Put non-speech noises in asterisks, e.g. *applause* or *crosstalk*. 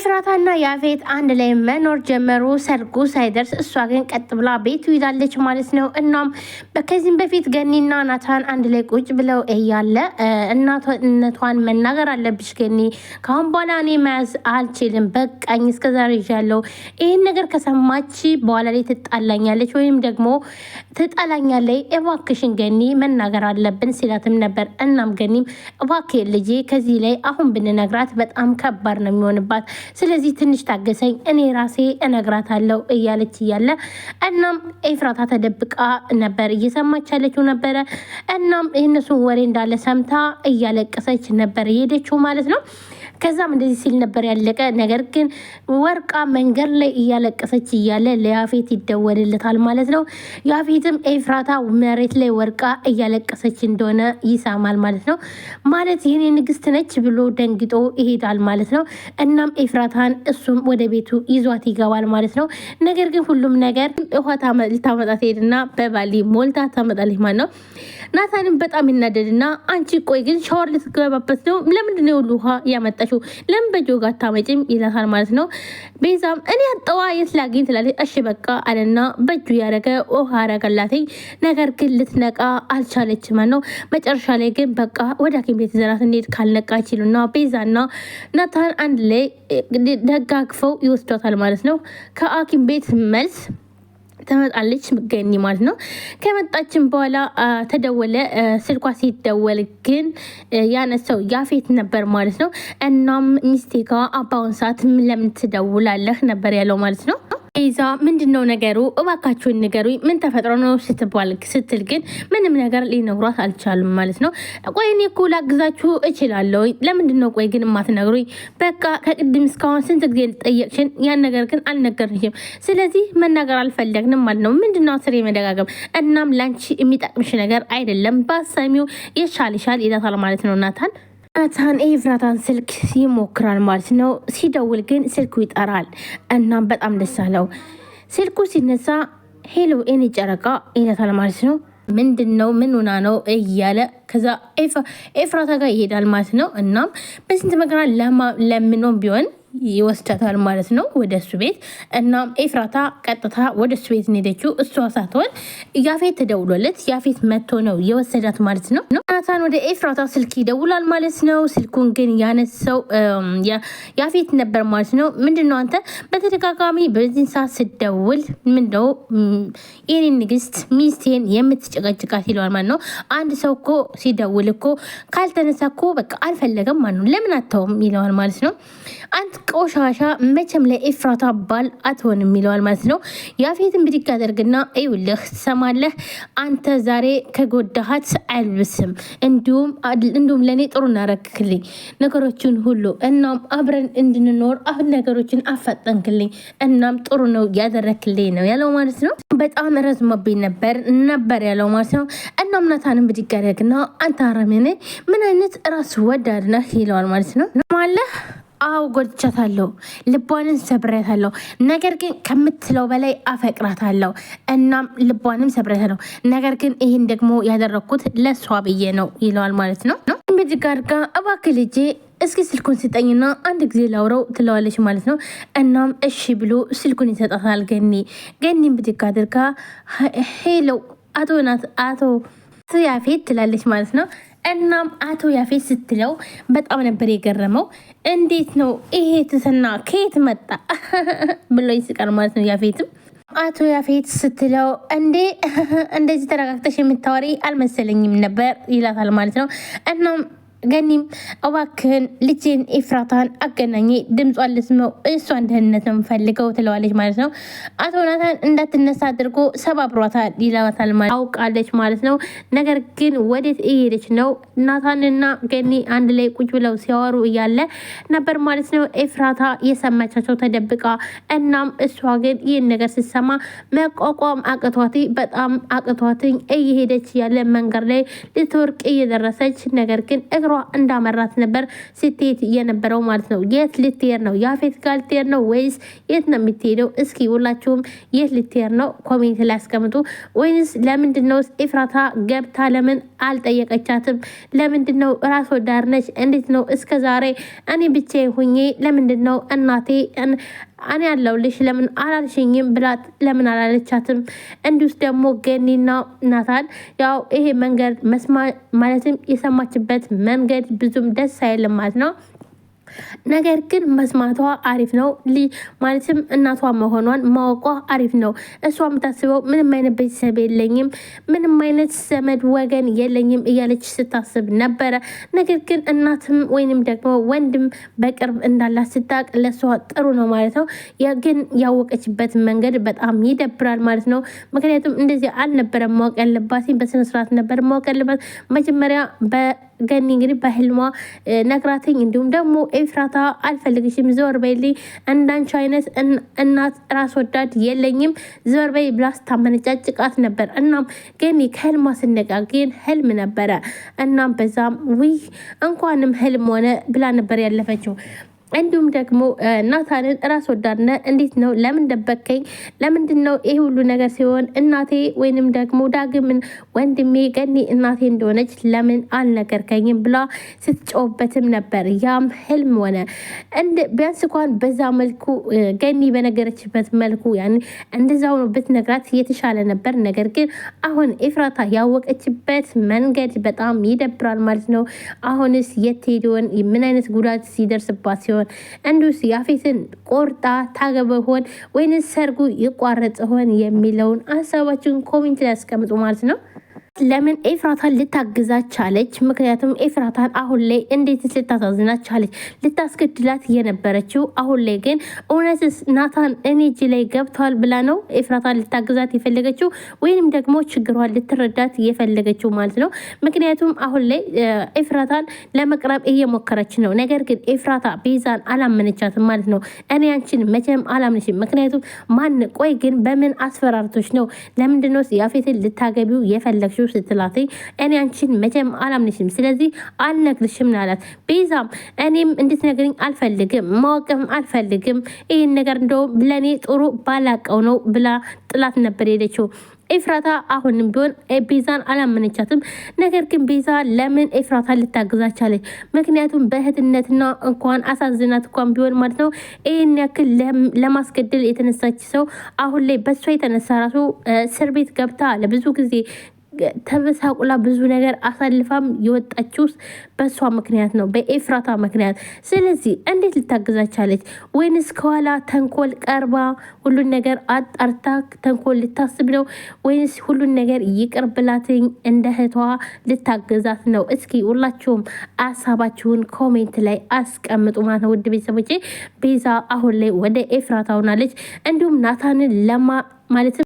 ኢፍራታና ያፌት አንድ ላይ መኖር ጀመሩ። ሰርጉ ሳይደርስ እሷ ግን ቀጥ ብላ ቤቱ ይዛለች ማለት ነው። እናም ከዚህም በፊት ገኒና ናታን አንድ ላይ ቁጭ ብለው እያለ እናትነቷን መናገር አለብሽ ገኒ፣ ካሁን በኋላ እኔ መያዝ አልችልም፣ በቃኝ፣ እስከዛሬ ይዣለሁ። ይህን ነገር ከሰማች በኋላ ላይ ትጣላኛለች ወይም ደግሞ ትጣላኛለች። እባክሽን ገኒ መናገር አለብን ሲላትም ነበር። እናም ገኒም እባክህ ልጄ ከዚህ ላይ አሁን ብንነግራት በጣም ከባድ ነው የሚሆንባት ስለዚህ ትንሽ ታገሰኝ፣ እኔ ራሴ እነግራታለሁ እያለች እያለ እናም ኤፍራታ ተደብቃ ነበር እየሰማች ያለችው ነበረ። እናም የእነሱን ወሬ እንዳለ ሰምታ እያለቀሰች ነበር የሄደችው ማለት ነው። ከዛም እንደዚህ ሲል ነበር ያለቀ። ነገር ግን ወርቃ መንገድ ላይ እያለቀሰች እያለ ለያፌት ይደወልለታል ማለት ነው። ያፌትም ኤፍራታ መሬት ላይ ወርቃ እያለቀሰች እንደሆነ ይሰማል ማለት ነው። ማለት ይህኔ ንግስት ነች ብሎ ደንግጦ ይሄዳል ማለት ነው። እናም ኤፍራታን እሱም ወደ ቤቱ ይዟት ይገባል ማለት ነው። ነገር ግን ሁሉም ነገር ውሃ ልታመጣ ትሄድና በባሊ ሞልታ ታመጣለች ማለት ነው። ናታንም በጣም ይናደድና አንቺ ቆይ ግን ሻወር ልትገባበት ነው ለምንድነው ሁሉ ውሃ ያመጣች የመጣሽው ለምን በጆግ አታመጭም ይላታል ማለት ነው። ቤዛም እኔ አጠዋ የት ላግኝ ትላለች። እሺ በቃ አለና በእጁ ያደረገ ውሃ አረገላትኝ። ነገር ግን ልትነቃ አልቻለች ማለት ነው። መጨረሻ ላይ ግን በቃ ወደ ሐኪም ቤት ዘናት እንሄድ ካልነቃች ይሉና ቤዛና ናታን አንድ ላይ ደጋግፈው ይወስዷታል ማለት ነው። ከሐኪም ቤት መልስ ትመጣለች ገኒ ማለት ነው። ከመጣችን በኋላ ተደወለ። ስልኳ ሲደወል ግን ያነሰው ያፌት ነበር ማለት ነው። እናም ሚስቴ ጋ አባውን ሰዓት ለምን ትደውላለህ ነበር ያለው ማለት ነው። ቤዛ ምንድን ነው ነገሩ? እባካችሁን ንገሩ፣ ምን ተፈጥሮ ነው ስትባል ስትል ግን ምንም ነገር ሊነግሯት አልቻሉም ማለት ነው። ቆይ እኔ እኮ ላግዛችሁ እችላለሁ፣ ለምንድን ነው ቆይ ግን የማትነግሩኝ? በቃ ከቅድም እስካሁን ስንት ጊዜ ልጠየቅሽን፣ ያን ነገር ግን አልነገርሽም። ስለዚህ መናገር አልፈለግንም ማለት ነው። ምንድን ነው ስር የመደጋገም እናም ላንቺ የሚጠቅምሽ ነገር አይደለም፣ ባሰሚው የሻልሻል ይላታል ማለት ነው ናታን ናታን የኤፍራታን ስልክ ይሞክራል ማለት ነው። ሲደውል ግን ስልኩ ይጠራል። እናም በጣም ደስ አለው። ስልኩ ሲነሳ ሄሎ ኤኒ ጨረቃ ይነታል ማለት ነው። ምንድን ነው ምን ሆና ነው እያለ ከዛ ኤፍራታ ጋር ይሄዳል ማለት ነው። እናም በስንት መከራ ለምኖም ቢሆን ይወስዳታል ማለት ነው ወደ እሱ ቤት። እናም ኤፍራታ ቀጥታ ወደ እሱ ቤት ሄደችው እሷ ሳትሆን ያፌት ተደውሎለት ያፌት መቶ ነው የወሰዳት ማለት ነው። ናታን ወደ ኤፍራታ ስልክ ይደውላል ማለት ነው። ስልኩን ግን ያነሰው ያፌት ነበር ማለት ነው። ምንድነው አንተ በተደጋጋሚ በዚህ ሰዓት ስደውል ምንደው የኔን ንግስት ሚስቴን የምትጨቀጭቃት ይለዋል ማለት ነው። አንድ ሰው እኮ ሲደውል እኮ ካልተነሳ እኮ በቃ አልፈለገም ማለት ነው። ለምን አተውም ይለዋል ማለት ነው። ቆሻሻ መቼም ለኤፍራታ ባል አትሆንም ይለዋል ማለት ነው። ያፌትን ብድግ አደርግና ይውልህ ትሰማለህ፣ አንተ ዛሬ ከጎዳሃት አልብስም፣ እንዲሁም ለእኔ ጥሩ እናረክክልኝ ነገሮችን ሁሉ እናም አብረን እንድንኖር አሁን ነገሮችን አፋጠንክልኝ፣ እናም ጥሩ ነው ያደረክልኝ ነው ያለው ማለት ነው። በጣም ረዝሞብኝ ነበር ነበር ያለው ማለት ነው። እናም ናታንን ብድግ አደርግና አንተ አረመኔ፣ ምን አይነት ራስ ወዳድ ነህ ይለዋል ማለት ነው። ማለህ አው ጎድቻታለሁ፣ ልቧንን ሰብሬታለሁ። ነገር ግን ከምትለው በላይ አፈቅራታለሁ። እናም ልቧንም ሰብሬታለሁ። ነገር ግን ይህን ደግሞ ያደረግኩት ለሷ ብዬ ነው ይለዋል ማለት ነው። በዚህ ጋር ጋር እባክህ ልጄ እስኪ ስልኩን ስጠኝና አንድ ጊዜ ላውረው ትለዋለች ማለት ነው። እናም እሺ ብሎ ስልኩን ይሰጣታል። ገኒ ገኒም ብድግ አድርጋ ሄለው አቶ ናት አቶ ያፌት ትላለች ማለት ነው። እናም አቶ ያፌት ስትለው በጣም ነበር የገረመው። እንዴት ነው ይሄ ትትና ከየት መጣ *laughs* ብሎ ይስቃል ማለት ነው። ያፌትም አቶ ያፌት ስትለው እንዴ እንደዚህ ተረጋግተሽ የምታወሪ አልመሰለኝም ነበር ይላታል ማለት ነው። እናም ገኒም እባክህን ልጄን ኤፍራታን አገናኝ፣ ድምጿን ልስመው፣ እሷን ደህንነት ነው የምፈልገው ትለዋለች ማለት ነው። አቶ ናታን እንዳትነሳ አድርጎ ሰባብሯታል ማለት አውቃለች ማለት ነው። ነገር ግን ወዴት እየሄደች ነው? ናታንና ገኒ አንድ ላይ ቁጭ ብለው ሲያወሩ እያለ ነበር ማለት ነው። ኤፍራታ የሰማቻቸው ተደብቃ፣ እናም እሷ ግን ይህን ነገር ስትሰማ መቋቋም አቅቷት በጣም አቅቷትኝ እየሄደች ያለ መንገድ ላይ ልትወርቅ እየደረሰች ነገር ግን እግሯ እንዳመራት ነበር ስትሄድ የነበረው ማለት ነው። የት ልትሄድ ነው? ያፌት ጋር ልትሄድ ነው ወይስ የት ነው የምትሄደው? እስኪ ሁላችሁም የት ልትሄድ ነው ኮሜንት ላይ አስቀምጡ። ወይንስ ለምንድን ነው ኤፍራታ ገብታ ለምን አልጠየቀቻትም? ለምንድን ነው ራስ ወዳድ ነች? እንዴት ነው እስከ ዛሬ እኔ ብቻ ሁኜ ለምንድን ነው እናቴ እኔ ያለሁልሽ ለምን አላልሽኝም ብላት ለምን አላለቻትም? እንዲሁስ ደግሞ ገኒና ናታን ያው ይሄ መንገድ መስማ ማለትም የሰማችበት መንገድ ብዙም ደስ አይልም ማለት ነው። ነገር ግን መስማቷ አሪፍ ነው። ማለትም እናቷ መሆኗን ማወቋ አሪፍ ነው። እሷ የምታስበው ምንም አይነት ቤተሰብ የለኝም፣ ምንም አይነት ዘመድ ወገን የለኝም እያለች ስታስብ ነበረ። ነገር ግን እናትም ወይንም ደግሞ ወንድም በቅርብ እንዳላት ስታቅ ለእሷ ጥሩ ነው ማለት ነው። ግን ያወቀችበት መንገድ በጣም ይደብራል ማለት ነው። ምክንያቱም እንደዚህ አልነበረ ማወቅ ያለባት በስነስርዓት ነበር ማወቅ ያለባት መጀመሪያ ገኒ እንግዲህ በህልሟ ነግራትኝ እንዲሁም ደግሞ ኤፍራታ አልፈልግሽም፣ ዘወር በይልኝ፣ እንዳንቺ አይነት እናት ራስ ወዳድ የለኝም፣ ዘወር በይ ብላ ስታመነጫጭቃት ነበር። እናም ገኒ ከህልሟ ስነቃግን ህልም ነበረ። እናም በዛም ውይ እንኳንም ህልም ሆነ ብላ ነበር ያለፈችው። እንዲሁም ደግሞ ናታንን ራስ ወዳድነ እንዴት ነው? ለምን ደበከኝ? ለምንድን ነው ይህ ሁሉ ነገር ሲሆን እናቴ ወይንም ደግሞ ዳግምን ወንድሜ ገኒ እናቴ እንደሆነች ለምን አልነገርከኝም? ብላ ስትጮውበትም ነበር። ያም ህልም ሆነ። ቢያንስ እንኳን በዛ መልኩ ገኒ በነገረችበት መልኩ እንደዛው ነው ብትነግራት የተሻለ ነበር። ነገር ግን አሁን ኤፍራታ ያወቀችበት መንገድ በጣም ይደብራል ማለት ነው። አሁንስ የት ሄደውን ምን አይነት ጉዳት ሲደርስባት ሲሆን ይሆን? እንዱስ ያፌትን ቆርጣ ታገበ ሆን ወይንስ ሰርጉ ይቋረጥ ሆን የሚለውን ሀሳባችሁን ኮሜንት ላይ ያስቀምጡ ማለት ነው። ለምን ኤፍራታን ልታግዛት ቻለች? ምክንያቱም ኤፍራታን አሁን ላይ እንዴትስ ልታሳዝናት ቻለች? ልታስገድላት የነበረችው አሁን ላይ ግን እውነትስ ናታን እኔ እጅ ላይ ገብቷል ብላ ነው ኤፍራታን ልታግዛት የፈለገችው ወይንም ደግሞ ችግሯን ልትረዳት የፈለገችው ማለት ነው። ምክንያቱም አሁን ላይ ኤፍራታን ለመቅረብ እየሞከረች ነው። ነገር ግን ኤፍራታ ቤዛን አላመነቻትም ማለት ነው። እኔ አንቺን መቼም አላምንሽም። ምክንያቱም ማን ቆይ ግን በምን አስፈራርቶች ነው ለምንድነው ያፌትን ልታገቢው የፈለግሽው? ስትላት እኔ አንቺን መቼም አላምንሽም፣ ስለዚህ አልነግርሽም ናላት። ቤዛ እኔም እንድትነግርኝ አልፈልግም፣ ማወቅም አልፈልግም፣ ይህን ነገር እንደውም ለእኔ ጥሩ ባላቀው ነው ብላ ጥላት ነበር ሄደችው። ኤፍራታ አሁንም ቢሆን ቤዛን አላመነቻትም። ነገር ግን ቤዛ ለምን ኤፍራታ ልታግዛቻለች? ምክንያቱም በእህትነትና እንኳን አሳዝናት እንኳን ቢሆን ማለት ነው ይህን ያክል ለማስገደል የተነሳች ሰው አሁን ላይ በሷ የተነሳ ራሱ እስር ቤት ገብታ ለብዙ ጊዜ ተበሳቁላ ብዙ ነገር አሳልፋም የወጣችው በእሷ ምክንያት ነው፣ በኤፍራታ ምክንያት። ስለዚህ እንዴት ልታግዛቻለች? ወይንስ ከኋላ ተንኮል ቀርባ ሁሉን ነገር አጣርታ ተንኮል ልታስብ ነው? ወይንስ ሁሉን ነገር ይቅርብላትኝ እንደ እህቷ ልታግዛት ነው? እስኪ ሁላችሁም አሳባችሁን ኮሜንት ላይ አስቀምጡ ማለት ነው። ውድ ቤተሰቦቼ ቤዛ አሁን ላይ ወደ ኤፍራታ ሆናለች። እንዲሁም ናታንን ለማ ማለትም